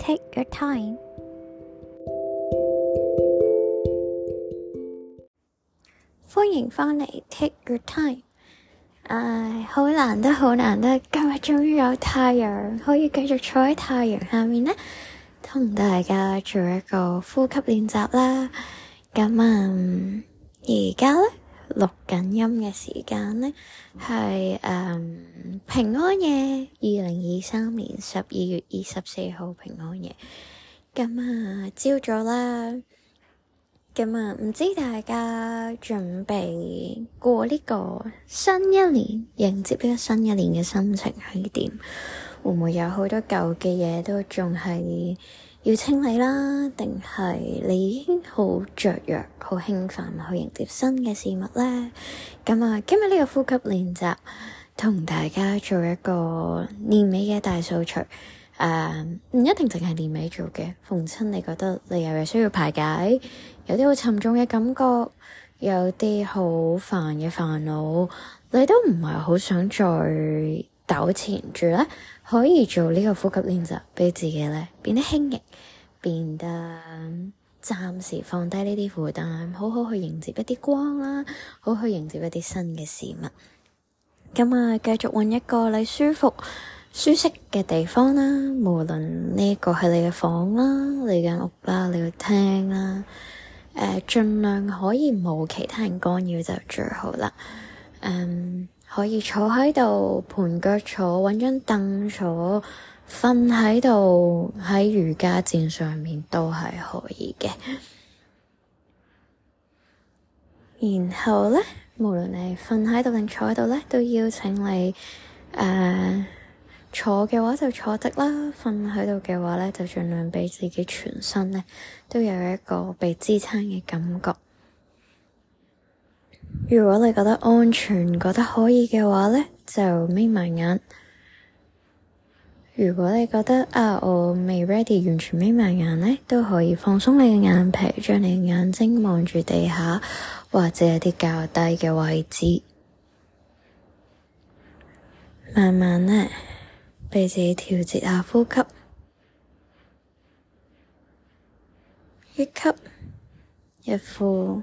Take your time，歡迎返嚟。Take your time，唉，好難得，好難得，今日終於有太陽，可以繼續坐喺太陽下面呢，同大家做一個呼吸練習啦。咁、嗯、啊，而家咧。錄緊音嘅時間呢，係誒、嗯、平安夜，二零二三年十二月二十四號平安夜。咁啊朝早啦，咁啊唔知，、嗯、知大家準備過呢個新一年，迎接呢個新一年嘅心情係點？會唔會有好多舊嘅嘢都仲係？要清理啦，定係你已經好雀躍、好興奮去迎接新嘅事物咧？咁啊，今日呢個呼吸練習同大家做一個年尾嘅大掃除。誒，唔一定淨係年尾做嘅，逢親你覺得你又有需要排解，有啲好沉重嘅感覺，有啲好煩嘅煩惱，你都唔係好想再糾纏住咧。可以做呢個呼吸練習，俾自己咧變得輕盈，變得暫時放低呢啲負擔，好好去迎接一啲光啦，好去迎接一啲新嘅事物。咁、嗯、啊，繼續揾一個你舒服、舒適嘅地方啦，無論呢個係你嘅房啦、你嘅屋啦、你嘅廳啦，誒、呃，盡量可以冇其他人干擾就最好啦，嗯。可以坐喺度盤腳坐，搵張凳坐，瞓喺度喺瑜伽墊上面都係可以嘅。然後咧，無論你瞓喺度定坐喺度咧，都邀請你誒、呃、坐嘅話就坐直啲啦，瞓喺度嘅話咧就盡量俾自己全身咧都有一個被支撐嘅感覺。如果你覺得安全、覺得可以嘅話咧，就眯埋眼；如果你覺得啊，我未 ready，完全眯埋眼咧，都可以放鬆你嘅眼皮，將你嘅眼睛望住地下或者一啲較低嘅位置。慢慢咧，畀自己調節下呼吸，一吸一呼。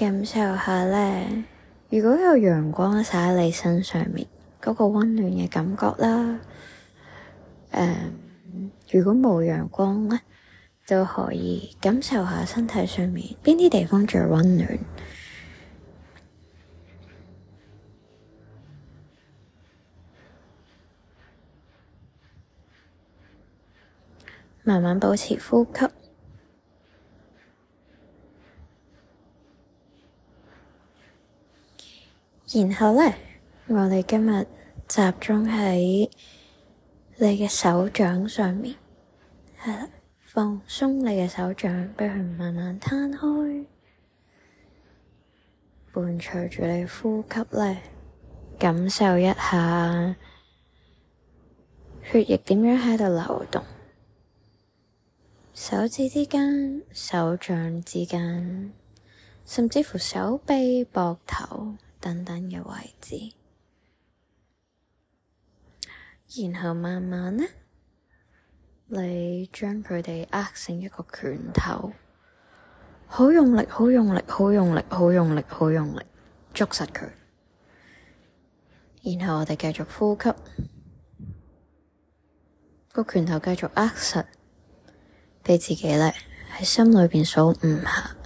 感受下咧，如果有陽光灑喺你身上面，嗰個温暖嘅感覺啦。誒，如果冇陽光咧，就可以感受下身體上面邊啲地方最温暖。慢慢保持呼吸。然後咧，我哋今日集中喺你嘅手掌上面，係、啊、放鬆你嘅手掌，畀佢慢慢攤開，伴隨住你呼吸咧，感受一下血液點樣喺度流動，手指之間、手掌之間，甚至乎手臂、膊頭。等等嘅位置，然後慢慢咧，你將佢哋握成一個拳頭，好用力，好用力，好用力，好用力，好用力，捉實佢。然後我哋繼續呼吸，個拳頭繼續握實，畀自己咧喺心裏面數五下。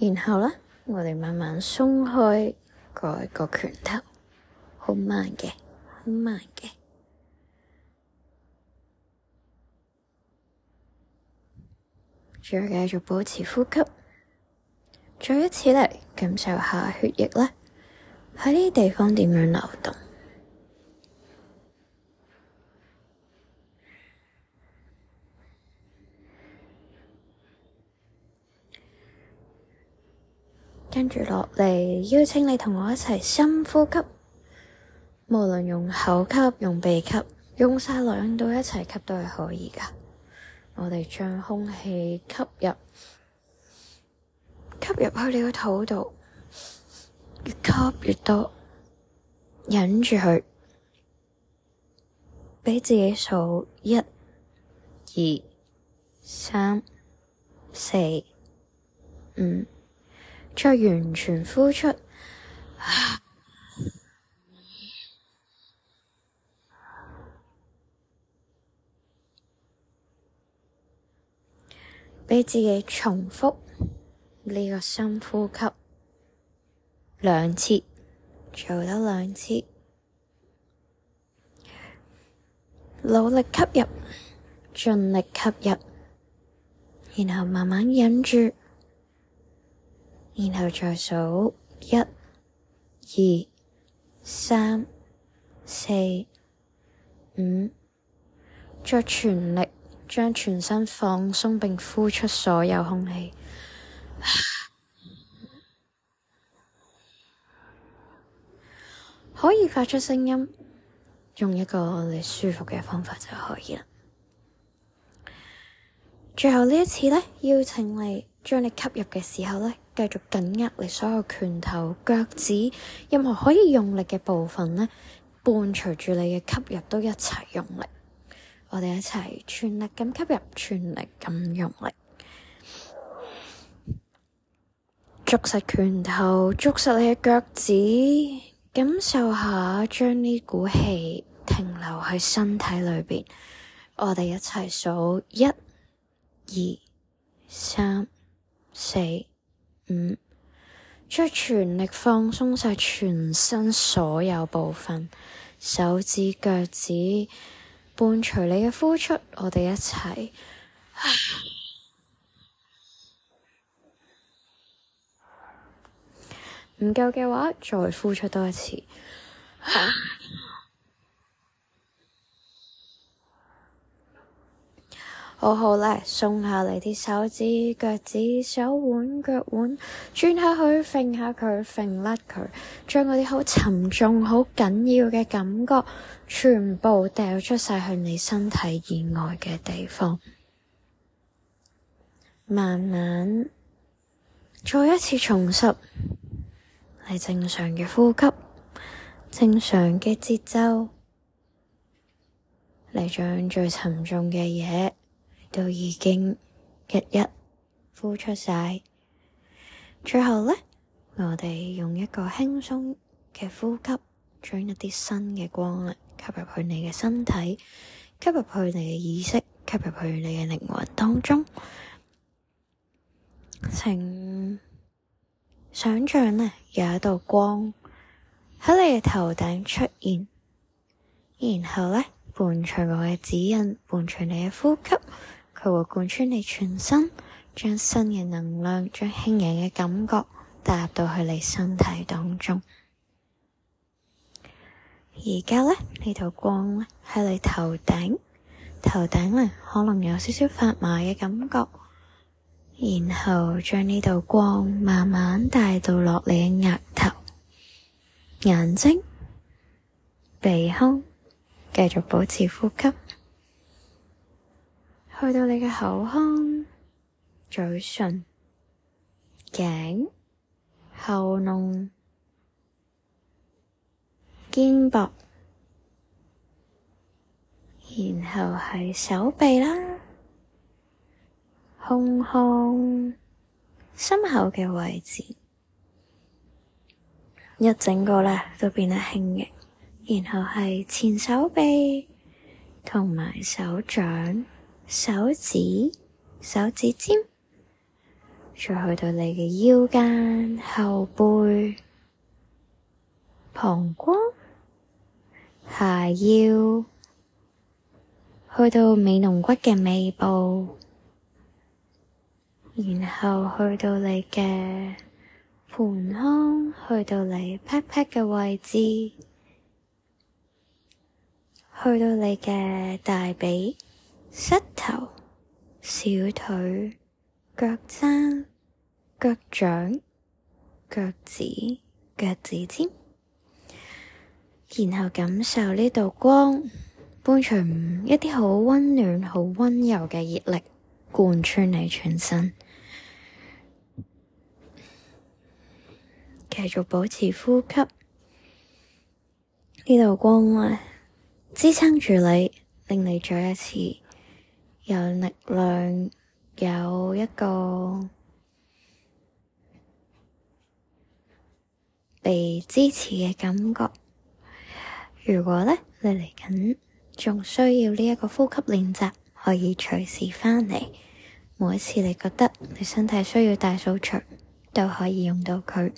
然後呢，我哋慢慢鬆開嗰個拳頭，好慢嘅，好慢嘅，再繼續保持呼吸，再一次嚟感受下血液呢，喺呢啲地方點樣流動。跟住落嚟，邀請你同我一齊深呼吸，無論用口吸，用鼻吸、用晒兩度一齊吸都係可以噶。我哋將空氣吸入，吸入去你個肚度，越吸越多，忍住佢，俾自己數一、二、三、四、五。再完全呼出，畀、啊、自己重複呢個深呼吸兩次，做到兩次，努力吸入，盡力吸入，然後慢慢忍住。然後再數一、二、三、四、五，將全力將全身放鬆，並呼出所有空氣， 可以發出聲音，用一個你舒服嘅方法就可以啦。最後呢一次呢，邀請你將你吸入嘅時候呢。繼續緊握你所有拳頭、腳趾，任何可以用力嘅部分咧，伴隨住你嘅吸入都一齊用力。我哋一齊全力咁吸入，全力咁用力，捉實拳頭，捉實你嘅腳趾，感受下將呢股氣停留喺身體裏邊。我哋一齊數一、二、三、四。嗯，將全力放鬆晒全身所有部分，手指、腳趾，伴隨你嘅呼出，我哋一齊。唔夠嘅話，再呼出多一次。 好好咧，鬆下你啲手指、腳趾、手腕、腳腕，轉下佢，揈下佢，揈甩佢，將嗰啲好沉重、好緊要嘅感覺全部掉出晒去你身體以外嘅地方。慢慢再一次重拾你正常嘅呼吸，正常嘅節奏，你將最沉重嘅嘢，都已經一一呼出晒，最後呢，我哋用一個輕鬆嘅呼吸，將一啲新嘅光力吸入去你嘅身體，吸入去你嘅意識，吸入去你嘅靈魂當中。請想象呢，有一道光喺你嘅頭頂出現，然後呢，伴隨我嘅指引，伴隨你嘅呼吸。佢會貫穿你全身，將新嘅能量，將輕盈嘅感覺，帶入到去你身體當中。而家咧，呢道光喺你頭頂，頭頂咧可能有少少發麻嘅感覺，然後將呢道光慢慢帶到落你嘅額頭、眼睛、鼻腔，繼續保持呼吸。去到你嘅口腔、嘴唇、頸、喉嚨、肩膊，然後係手臂啦、胸腔、心口嘅位置，一整個咧都變得輕盈。然後係前手臂同埋手掌。手指、手指尖，再去到你嘅腰間、後背、膀胱、下腰，去到尾龍骨嘅尾部，然後去到你嘅盆腔，去到你啪啪嘅位置，去到你嘅大髀。膝頭、小腿、腳踭、腳掌、腳趾、腳趾尖，然後感受呢道光，伴隨一啲好溫暖、好溫柔嘅熱力貫穿你全身，繼續保持呼吸，呢道光咧、啊、支撐住你，令你再一次，有力量，有一個被支持嘅感覺。如果咧你嚟緊，仲需要呢一個呼吸練習，可以隨時翻嚟。每一次你覺得你身體需要大掃除，都可以用到佢。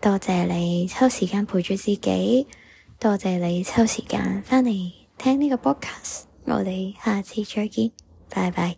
多謝你抽時間陪住自己，多謝你抽時間翻嚟聽呢個 podcast。我哋下次再見，拜拜。